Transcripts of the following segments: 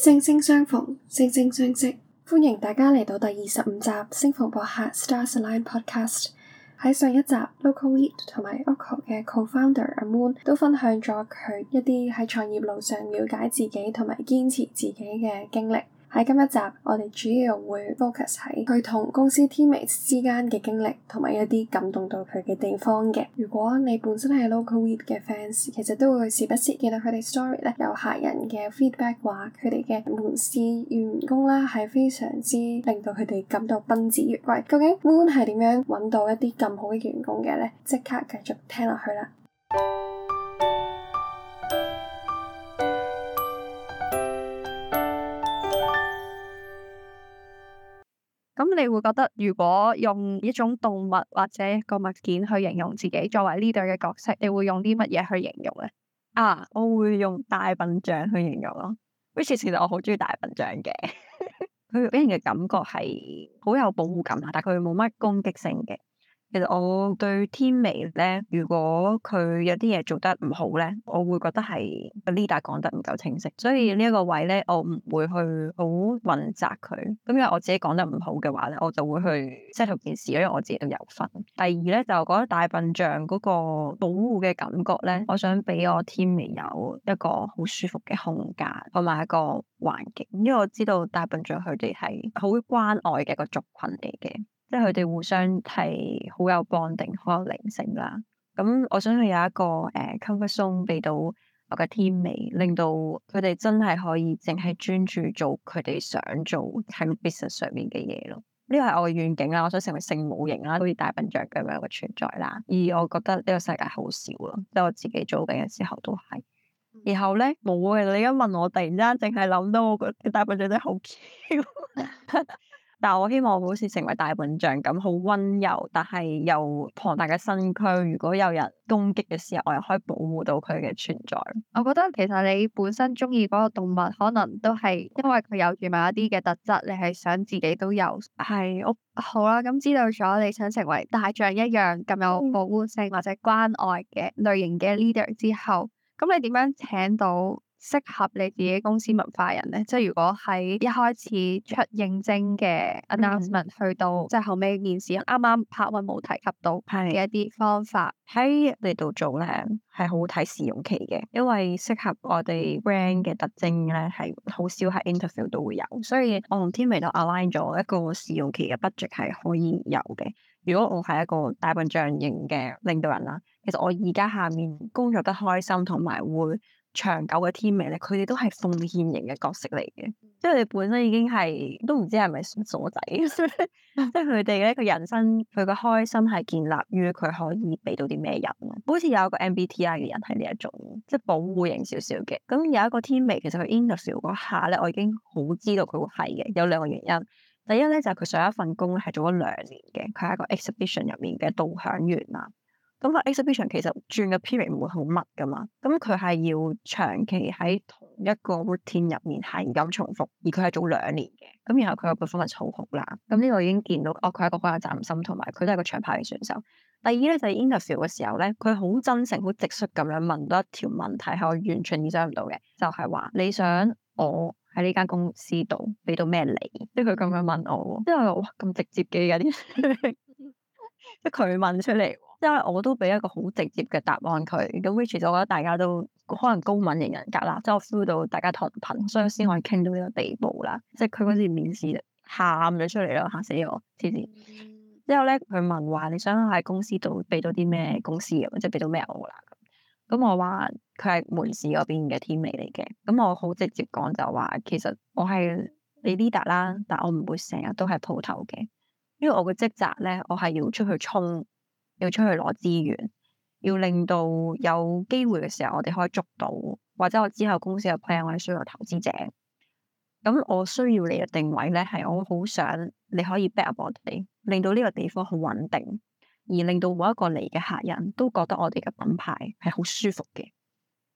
星星相逢，星星相識。歡迎大家嚟到第二十五集《星逢播客》（Stars Align Podcast）。喺上一集 Local Eat 同埋 Uncle 嘅 co-founder 阿 Moon 都分享咗佢一啲喺創業路上了解自己同埋堅持自己嘅經歷。喺今一集，我哋主要會 focus 喺佢同公司 teammates 之間嘅經歷，同埋一啲感動到佢嘅地方嘅。如果你本身係 local weed 嘅 fans，其實都會時不時見到佢哋 story 啦，有客人嘅 feedback 話，佢哋嘅門市員工啦，係非常之令到佢哋感到賓至如歸。究竟 Moon 係點樣揾到一啲咁好嘅員工嘅呢？即刻繼續聽落去啦！你會覺得，如果用一種動物或者個物件去形容自己作為呢對嘅角色，你會用啲乜嘢去形容咧？啊，我會用大笨象去形容咯。Which 其實我好中意大笨象嘅，佢 俾人嘅感覺係好有保護感啊，但係佢冇乜攻擊性嘅。其實我對天微咧，如果佢有啲嘢做得唔好咧，我會覺得係 leader 講得唔夠清晰，所以呢一個位咧，我唔會去好混雜佢。咁因為我自己講得唔好嘅話咧，我就會去 set up 件事，因為我自己都有份。第二咧，就覺得大笨象嗰個保護嘅感覺咧，我想俾我天微有一個好舒服嘅空間同埋一個環境，因為我知道大笨象佢哋係好關愛嘅一個族群嚟嘅。即係佢哋互相係好有綁定，好有靈性啦。咁我想佢有一個誒、呃、comfort zone 俾到我嘅天美，令到佢哋真係可以淨係專注做佢哋想做喺 business 上面嘅嘢咯。呢個係我嘅願景啦，我想成為聖母型啦，好似大笨象咁樣嘅存在啦。而我覺得呢個世界好少啊，即係我自己做緊嘅時候都係。然後咧冇嘅，你一問我，突然間淨係諗到我個大笨象真係好 Q。 但我希望我好似成為大笨象咁，好溫柔，但係又龐大嘅身軀。如果有人攻擊嘅時候，我又可以保護到佢嘅存在。我覺得其實你本身中意嗰個動物，可能都係因為佢有住某一啲嘅特質，你係想自己都有係屋好啦、啊。咁知道咗你想成為大象一樣咁有保護性或者關愛嘅類型嘅 leader 之後，咁你點樣請到？適合你自己公司文化人咧，即係如果喺一開始出應徵嘅 announcement 去到，嗯、即係後尾面試，啱啱拍温冇提及到嘅一啲方法喺你度做咧，係好睇試用期嘅，因為適合我哋 brand 嘅特徵咧，係好少喺 interview 都會有，所以我同天美都 align 咗一個試用期嘅 budget 係可以有嘅。如果我係一個大笨象型嘅領導人啦，其實我而家下面工作得開心，同埋會。長久嘅天命咧，佢哋都係奉獻型嘅角色嚟嘅，即係佢哋本身已經係都唔知係咪傻仔， 即係佢哋咧，佢人生佢嘅開心係建立於佢可以俾到啲咩人。好似有一個 MBTI 嘅人係呢一種，即係保護型少少嘅。咁有一個天命，其實佢 interview 嗰下咧，我已經好知道佢會係嘅，有兩個原因。第一咧就係、是、佢上一份工係做咗兩年嘅，佢係一個 exhibition 入面嘅導賞員啊。咁個 exhibition 其實轉嘅 period 唔會好密㗎嘛，咁佢係要長期喺同一個 routine 入面係咁重複，而佢係做兩年嘅。咁、嗯、然後佢個 performance 好好啦，咁、嗯、呢、嗯這個已經見到，哦佢係一個好有責任心，同埋佢都係一個長跑嘅選手。第二咧就係、是、interview 嘅時候咧，佢好真誠、好直率咁樣問到一條問題係我完全意想唔到嘅，就係、是、話你想我喺呢間公司度俾到咩你？」即係佢咁樣問我，之後我哇咁直接嘅，而啲即係佢問出嚟。因為我都俾一個好直接嘅答案佢，咁 which is, 我覺得大家都可能高敏型人格啦，即係我 feel 到大家同頻，所以先可以傾到呢個地步啦。即係佢嗰時面試喊咗出嚟咯，嚇死我！黐線。之後咧，佢問話你想喺公司度俾到啲咩公司啊？即係俾到咩我啦？咁我話佢係門市嗰邊嘅天美嚟嘅，咁我好直接講就話，其實我係你呢達啦，但我唔會成日都係鋪頭嘅，因為我嘅職責咧，我係要出去衝。要出去攞資源，要令到有機會嘅時候我哋可以捉到，或者我之後公司有 plan 我係需要有投資者。咁我需要你嘅定位咧，係我好想你可以 back up 我哋，令到呢個地方好穩定，而令到每一個嚟嘅客人都覺得我哋嘅品牌係好舒服嘅。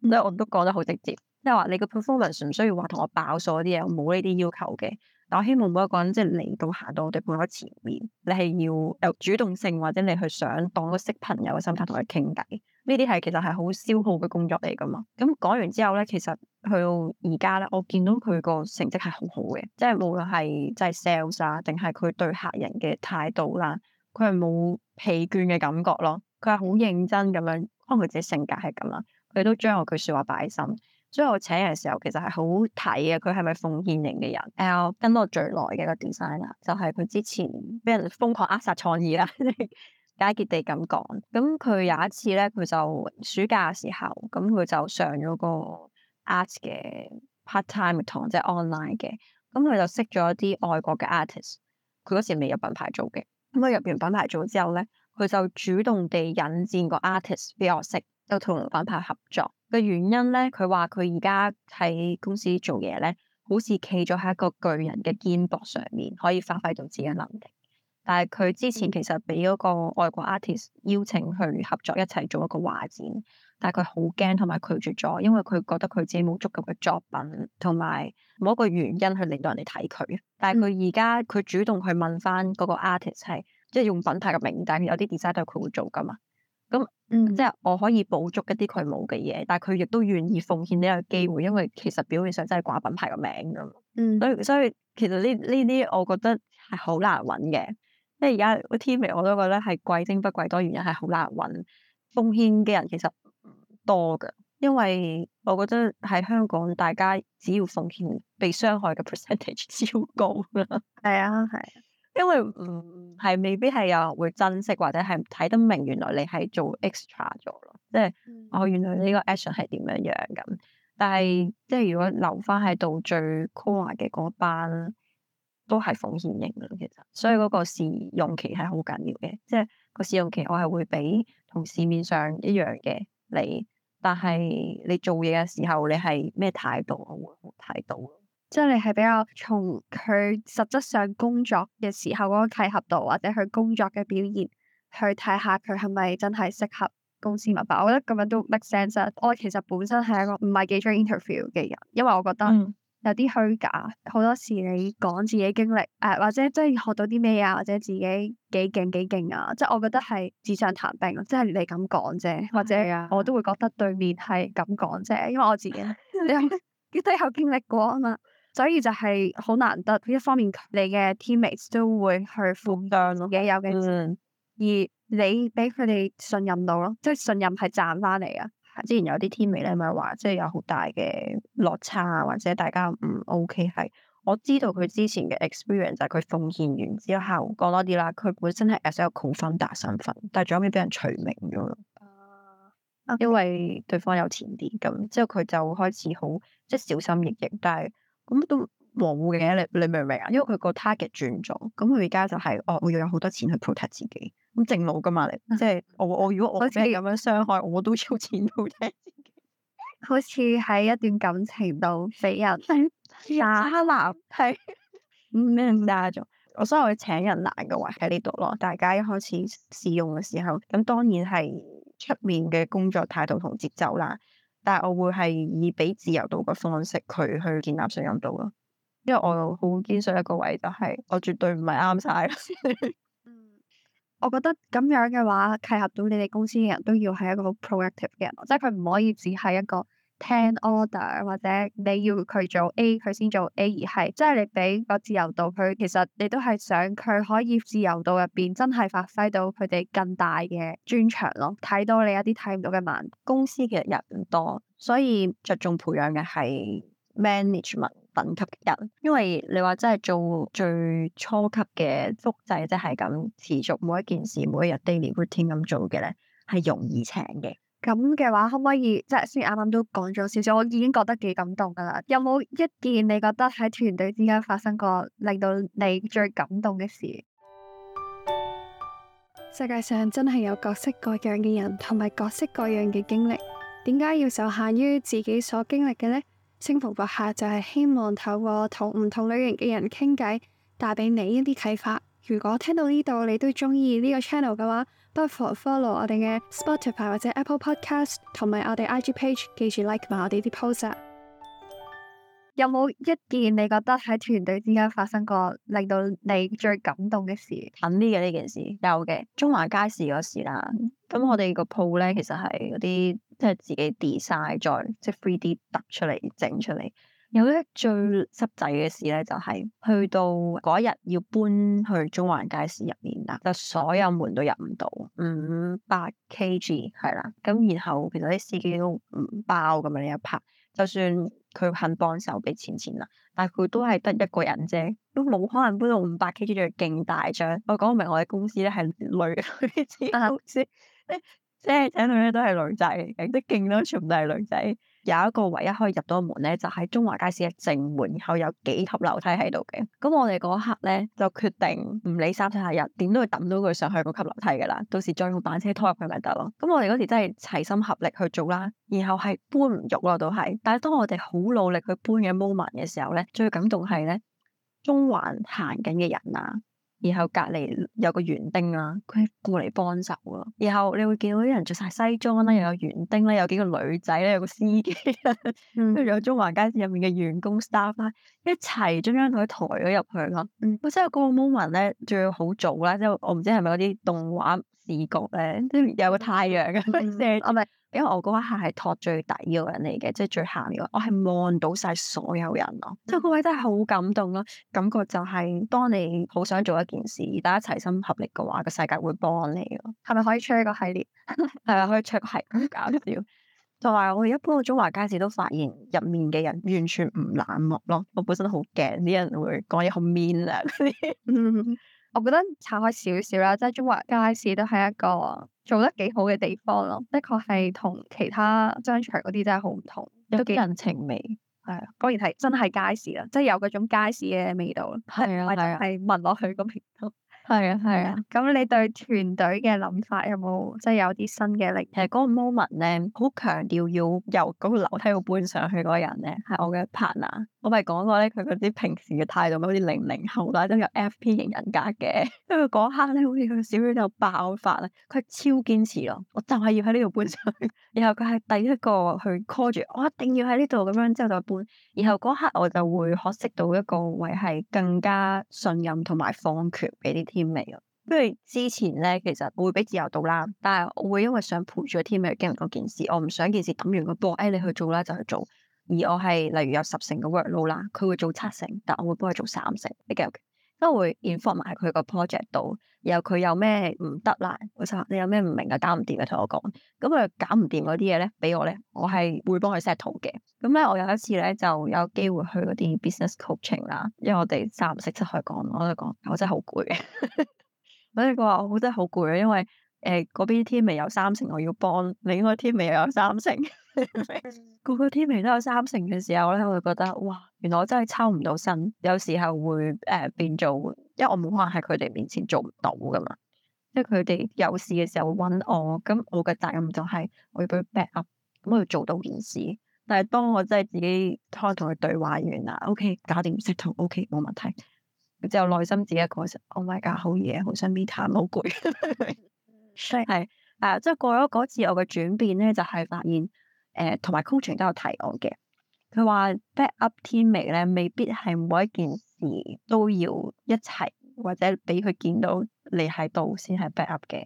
所以，mm hmm. 我都講得好直接，即係話你嘅 performance 唔需要話同我爆數啲嘢，我冇呢啲要求嘅。但我希望每一個人即係嚟到下到我哋半友前面，你係要有主動性，或者你去想當個識朋友嘅心態同佢傾偈，呢啲係其實係好消耗嘅工作嚟噶嘛。咁講完之後咧，其實去到而家咧，我見到佢個成績係好好嘅，即係無論係即係 sales 啊，定係佢對客人嘅態度啦，佢係冇疲倦嘅感覺咯，佢係好認真咁樣，可能佢自己性格係咁啦，佢都將我句說話擺喺心。所以我請人嘅時候其實係好睇嘅，佢係咪奉獻型嘅人？誒，跟咗我最耐嘅個 designer 就係佢之前俾人瘋狂扼殺創意啦，簡 潔地咁講。咁佢有一次咧，佢就暑假嘅時候，咁佢就上咗個 art 嘅 part time 堂，即係 online 嘅。咁佢就識咗啲外國嘅 artist。佢嗰時未入品牌組嘅，咁佢入完品牌組之後咧，佢就主動地引薦個 artist 俾我識。又同品牌合作嘅原因咧，佢話佢而家喺公司做嘢咧，好似企咗喺一個巨人嘅肩膊上面，可以發揮到自己嘅能力。但係佢之前其實俾嗰個外國 artist 邀請去合作，一齊做一個畫展，但係佢好驚同埋拒絕咗，因為佢覺得佢自己冇足夠嘅作品，同埋冇一個原因去令到人哋睇佢。但係佢而家佢主動去問翻嗰個 artist 係，即係用品牌嘅名單，但係有啲 design 都係佢會做噶嘛。咁那、嗯、即係我可以補足一啲佢冇嘅嘢，但係佢亦都願意奉獻呢個機會，因為其實表面上真係掛品牌個名噶嘛。嗯、所以所以其實呢呢啲我覺得係好難揾嘅，即係而家個 teammate 我都覺得係貴精不貴多，原因係好難揾奉獻嘅人其實唔多噶，因為我覺得喺香港大家只要奉獻被傷害嘅 percentage 超高，係、嗯、 啊係。因為唔係、嗯、未必係有人會珍惜或者係睇得明，原來你係做 extra 咗咯，即係我、嗯哦、原來呢個 action 係點樣樣咁。但係即係如果留翻喺度最 core 嘅嗰班，都係奉獻型嘅。其實，所以嗰個試用期係好緊要嘅，即係、個試用期我係會俾同市面上一樣嘅你，但係你做嘢嘅時候你係咩態度我會睇到即係你係比較從佢實質上工作嘅時候嗰個契合度，或者佢工作嘅表現去睇下佢係咪真係適合公司文化。我覺得咁樣都 make sense。我其實本身係一個唔係幾中 interview 嘅人，因為我覺得、嗯、有啲虛假。好多時你講自己經歷，誒、呃、或者即係學到啲咩啊，或者自己幾勁幾勁啊，即係我覺得係紙上談兵，即係你咁講啫，或者啊，我都會覺得對面係咁講啫，因為我自己、嗯、 你都有經歷過啊嘛。所以就係好難得，一方面你嘅 teammates 都會去付出自己有嘅，嗯、而你俾佢哋信任到咯，即係信任係賺翻嚟啊！之前有啲 teammate 咧咪話，即係有好大嘅落差啊，或者大家唔 OK 係。我知道佢之前嘅 experience 就係佢奉獻完之後講多啲啦，佢本身係 as a co-founder 身份，但係最後尾俾人除名咗咯。啊 okay. 因為對方有錢啲咁，之後佢就開始好即係小心翼翼，但係。咁都模糊嘅，你你明唔明啊？因為佢個 target 轉咗，咁佢而家就係、是、哦，我要有好多錢去 protect 自己，咁正路噶嘛，你即係我我如果我自己咁樣傷害，像我都要錢 protect 自己，好似喺一段感情度俾人渣男係咩唔 d e r 咗，我 所以我請人難嘅話喺呢度咯，大家一開始試用嘅時候，咁當然係出面嘅工作態度同節奏啦。但係我會係以俾自由度嘅方式佢去建立信任度咯，因為我好堅信一個位就係我絕對唔係啱晒。嗯 我覺得咁樣嘅話，契合到你哋公司嘅人都要係一個好 proactive 嘅人，即係佢唔可以只係一個。聽 order 或者你要佢做 A 佢先做 A 而係即係你俾個自由度佢其實你都係想佢可以自由度入邊真係發揮到佢哋更大嘅專長咯睇到你一啲睇唔到嘅盲公司嘅人多所以着重培養嘅係 management 等級嘅人因為你話真係做最初級嘅複製即係咁持續每一件事每一日 daily routine 咁做嘅咧係容易請嘅。咁嘅話，可唔可以即係雖然啱啱都講咗少少，我已經覺得幾感動噶啦。有冇一件你覺得喺團隊之間發生過令到你最感動嘅事？世界上真係有各式各樣嘅人同埋各式各樣嘅經歷，點解要受限於自己所經歷嘅呢？星逢播客就係希望透過同唔同類型嘅人傾偈，帶俾你一啲啟發。.如果聽到呢度你都中意呢個 channel 嘅話，不妨 follow 我哋嘅 Spotify 或者 Apple Podcast 同埋我哋 IG page，記住 like 埋我哋啲 post 啊。有冇一件你覺得喺團隊之間發生過令到你最感動嘅事？近啲嘅呢件事有嘅，中華街市嗰時啦。咁、嗯、我哋個鋪咧其實係嗰啲即係自己 design 再即係 3D 啲，凸、就是、出嚟整出嚟。有一最濕滯嘅事咧、就是，就係去到嗰日要搬去中環街市入面啦，就所有門都入唔到五百 K G 係啦。咁然後其實啲司機都唔包咁樣呢一拍，就算佢肯幫手俾錢錢啦，但係佢都係得一個人啫，都冇可能搬到五百 K G 仲要勁大張。我講唔明，我哋公司咧係女女司，即係請女咧都係女仔，即係勁多全部都係女仔。有一個唯一可以入到門咧，就喺中華街市嘅正門，然後有幾級樓梯喺度嘅。咁我哋嗰刻咧就決定唔理三七廿一，點都要揼到佢上去嗰級樓梯噶啦。到時再用板車拖入去咪得咯。咁我哋嗰時真係齊心合力去做啦。然後係搬唔喐咯，都係。但係當我哋好努力去搬嘅 moment 嘅時候咧，最感動係咧中環行緊嘅人啊！.然後隔籬有個園丁啊，佢過嚟幫手咯。然後你會見到啲人着晒西裝啦、啊，又有園丁啦、啊，有幾個女仔咧、啊，有個司機、啊，跟住有中環街市入面嘅員工 staff、啊、一齊中央台抬咗入去咯、啊。本身有個 moment 咧，仲要好早啦，即係我唔知係咪嗰啲動畫視覺咧，即有個太陽嘅、啊。我咪。 因為我嗰位係托最底嗰人嚟嘅，即係最下面。我係望到晒所有人咯，即係嗰位真係好感動咯，感覺就係當你好想做一件事，大家齊心合力嘅話，個世界會幫你咯。係咪可以出一個系列？係 咪可以出個系列？搞搞笑！同埋我一般去中華街市都發現入面嘅人完全唔冷漠咯。我本身好驚啲人會講嘢好 mean 啊！ 嗯我覺得拆開少少啦，即係中華街市都係一個做得幾好嘅地方咯，的確係同其他商場嗰啲真係好唔同，都幾人情味，係啊幾，果然係真係街市啦，即係有嗰種街市嘅味道咯，係啊係啊，係聞落去咁係啊係啊，咁你對團隊嘅諗法有冇即係有啲新嘅力？其實嗰個 moment 咧，好強調要由嗰個樓梯度搬上去嗰人咧，係我嘅 partner。我咪講過咧，佢嗰啲平時嘅態度，好似零零後啦，都有 F P 型人格嘅。因為嗰刻咧，好似佢小小就爆發咧，佢超堅持咯。我就係要喺呢度搬上去。然後佢係第一個去 call 住我，一定要喺呢度咁樣。之後就搬。然後嗰刻我就會學識到一個位係更加信任同埋放權俾啲 team member 咯。因為之前咧，其實我會俾自由度啦，但係我會因為想陪住個 team member 去經歷嗰件事，我唔想件事抌完個波。誒、哎，你去做啦，就去做。而我係例如有十成嘅 work load 啦，佢會做七成，但我會幫佢做三成 ok ok，都會 inform 埋、e、佢個 project 度，然後佢有咩唔得啦，或你有咩唔明啊，搞唔掂啊，同我講，咁啊搞唔掂嗰啲嘢咧，俾我咧，我係會幫佢 set 圖嘅。咁咧，我有一次咧就有機會去嗰啲 business coaching 啦，因為我哋三唔識七去講，我度講我真係好攰，我哋係話我真係好攰，因為誒嗰、呃、邊 team 未有三成我要幫，另外 team 未又有三成。個 個天平都有三成嘅時候咧，我會覺得哇，原來我真係抽唔到身，有時候會誒、呃、變做，因為我冇可能喺佢哋面前做唔到噶嘛。即係佢哋有事嘅時候會揾我，咁我嘅責任就係我要俾佢 back up，咁我要做到件事。但係當我真係自己開同佢對話完啦，OK，搞掂唔 e 同 OK 冇問題。之後內心自己一個 Oh my god，好嘢，好想咪嘆，好、啊、攰。係誒，即係過咗嗰次，我嘅轉變咧，就係、是、發現。誒同埋 coach 都有提我嘅，佢話 back up teammate 咧未必係每一件事都要一齊或者俾佢見到你喺度先係 back up 嘅。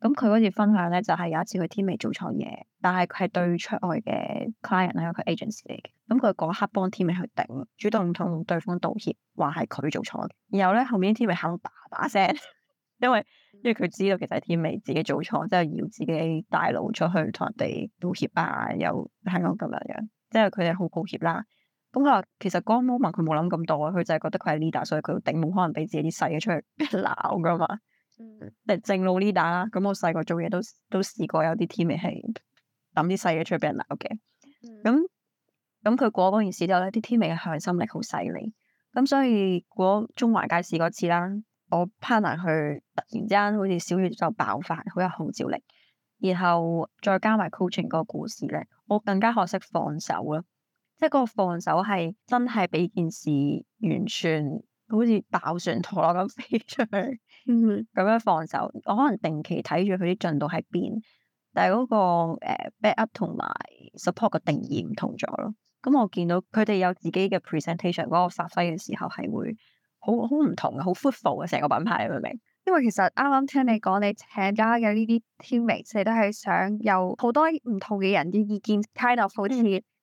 咁佢嗰次分享咧就係、係、有一次佢 teammate 做錯嘢，但係係對出外嘅 client 係佢 agency 嚟嘅，咁佢嗰刻幫 teammate 去頂，主動同對方道歉，話係佢做錯嘅。然後咧後面 teammate 喊到爸爸聲， 因為。因為佢知道其實天美自己做錯，即係要自己帶路出去同人哋道歉啊，又香港咁樣樣，即係佢哋好抱歉啦。咁佢話其實嗰個 moment 佢冇諗咁多，佢就係覺得佢係 leader，所以佢頂，冇可能俾自己啲細嘅出去鬧噶嘛。嗯，正路 leader 啦。咁我細個做嘢都都試過有啲天美係抌啲細嘢出去俾人鬧嘅。咁咁佢過嗰件事之後咧，啲天美嘅向心力好犀利。咁所以過中華街市嗰次啦。我 partner 去突然之間，好似小月就爆發，好有號召力。然後再加埋 coaching 個故事咧，我更加學識放手咯。即係個放手係真係俾件事完全好似爆旋陀螺咁飛出去，咁、mm hmm. 樣放手。我可能定期睇住佢啲進度喺邊，但係嗰個誒 back up 同埋 support 嘅定義唔同咗咯。咁我見到佢哋有自己嘅 presentation 嗰個發揮嘅時候，係會。好好唔同嘅，好 full 嘅成個品牌，明唔明？因為其實啱啱聽你講，你請家嘅呢啲 teammate，你都係想有好多唔同嘅人嘅意見，kind of 好似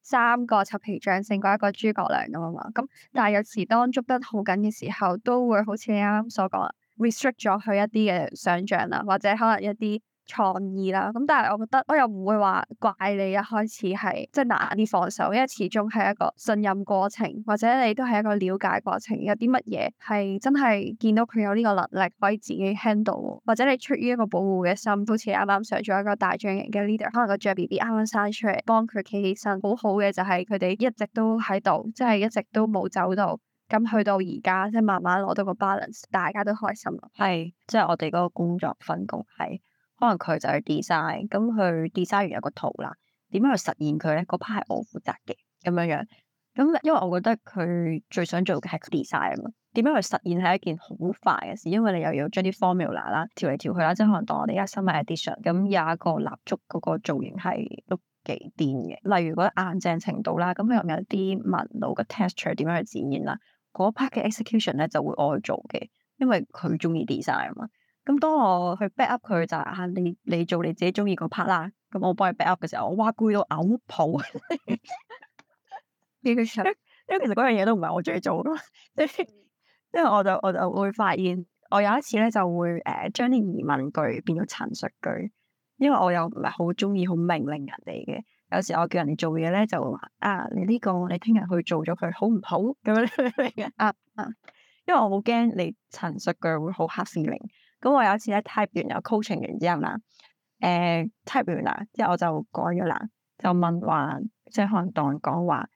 三個臭皮匠勝過一個諸葛亮咁啊嘛。咁但係有時當捉得好緊嘅時候，都會好似你啱啱所講，restrict 咗佢一啲嘅想象啦，或者可能一啲。創意啦，咁但係我覺得我又唔會話怪你一開始係即係難啲放手，因為始終係一個信任過程，或者你都係一個了解過程。有啲乜嘢係真係見到佢有呢個能力可以自己 handle，或者你出於一個保護嘅心，好似啱啱上咗一個大將型嘅 leader，可能個將 B B 啱啱生出嚟，幫佢企起身，好好嘅就係佢哋一直都喺度，即係一直都冇走到，咁去到而家即係慢慢攞到個 balance，大家都開心啦。係，即係我哋嗰個工作分工係。可能佢就係 design，咁佢 design 完有個圖啦，點樣去實現佢咧？嗰 part 係我負責嘅，咁樣樣。咁因為我覺得佢最想做嘅係 design 啊嘛，點樣去實現係一件好快嘅事，因為你又要將啲 formula 啦，調嚟調去啦，即係可能當我哋而家新買 addition，咁有一個蠟燭嗰個造型係都幾癲嘅，例如嗰啲硬淨程度啦，咁佢入面有啲紋路嘅 texture，點樣去展現啦？嗰 part 嘅 execution 咧就會我去做嘅，因為佢中意 design 啊嘛。咁當我去 back up 佢就啊、是，你你做你自己中意個 part 啦。咁我幫你 back up 嘅時候，我哇攰到嘔吐。呢個時候，因為其實嗰樣嘢都唔係我中意做嘅嘛。 因為我就我就會發現，我有一次咧就會誒將啲疑問句變咗陳述句，因為我又唔係好中意好命令人哋嘅。有時我叫人哋做嘢咧，就會話啊，你呢、這個你聽日去做咗佢好唔好咁樣嚟嘅啊啊， 因為我好驚你陳述句會好黑司。咁我有一次咧 type 完又 coaching 完之後啦，誒、呃、type 完啦，之後我就改咗啦，就問話，即係可能當人講話，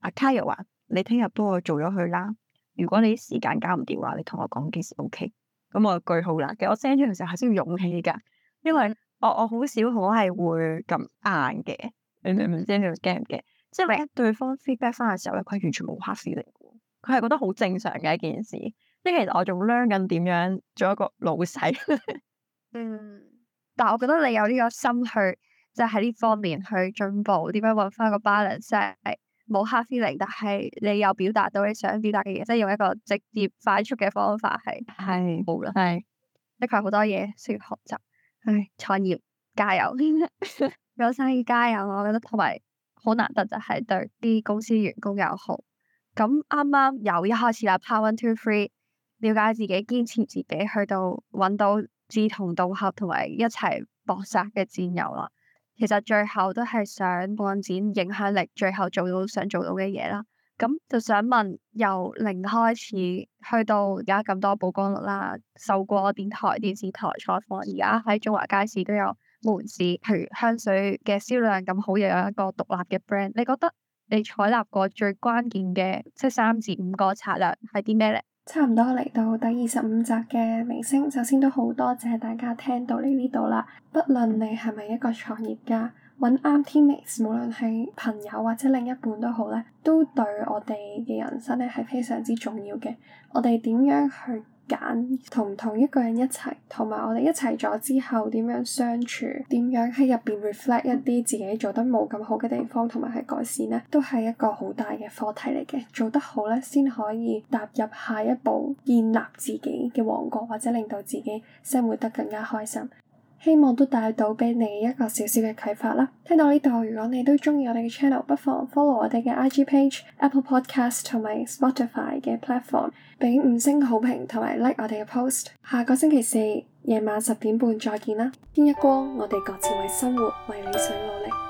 阿 Kay 又話你聽日幫我做咗佢啦，如果你啲時間搞唔掂話，你同我講幾時 OK，咁我句號啦，其實我 send 出嚟嘅時候係需要勇氣噶，因為我我好少我係會咁硬嘅，你明唔明先？你驚唔驚？即係萬一對方 feedback 翻嘅時候咧，佢完全冇 hard feeling 嚟嘅，佢係覺得好正常嘅一件事。即係其實我仲 learn 緊點樣做一個老細。 嗯，但係我覺得你有呢個心去，即係喺呢方面去進步，點樣搵翻個 balance，即係冇 hard feeling，但係你又表達到你想表達嘅嘢，即係用一個直接快速嘅方法係係好啦。係的確好多嘢需要學習，唉，創業加油， 有生意加油，我覺得同埋好難得就係對啲公司員工又好，咁啱啱由一開始啦，part one two three 了解自己，堅持自己，去到搵到志同道合同埋一齊搏殺嘅戰友啦。其實最後都係想擴展影響力，最後做到想做到嘅嘢啦。咁就想問，由零開始去到而家咁多曝光率啦，受過電台、電視台採訪，而家喺中華街市都有門市，譬如香水嘅銷量咁好，又有一個獨立嘅 brand。你覺得你採納過最關鍵嘅，即係三至五個策略係啲咩咧？差唔多嚟到第二十五集嘅星逢，首先都好多謝大家聽到你呢度啦。不論你係咪一個創業家，揾啱 teammates，無論係朋友或者另一半都好咧，都對我哋嘅人生咧係非常之重要嘅。我哋點樣去？揀同同一個人一齊，同埋我哋一齊咗之後點樣相處，點樣喺入邊 reflect 一啲自己做得冇咁好嘅地方，同埋係改善呢？都係一個好大嘅課題嚟嘅。做得好呢，先可以踏入下一步，建立自己嘅王國，或者令到自己生活得更加開心。希望都帶到俾你一個小小嘅啟發啦！聽到呢度，如果你都鍾意我哋嘅 channel，不妨 follow 我哋嘅 IG page、Apple Podcasts 同埋 Spotify 嘅 platform，俾五星好評同埋 like 我哋嘅 post。下個星期四夜晚十點半再見啦！天一光，我哋各自為生活為理想努力。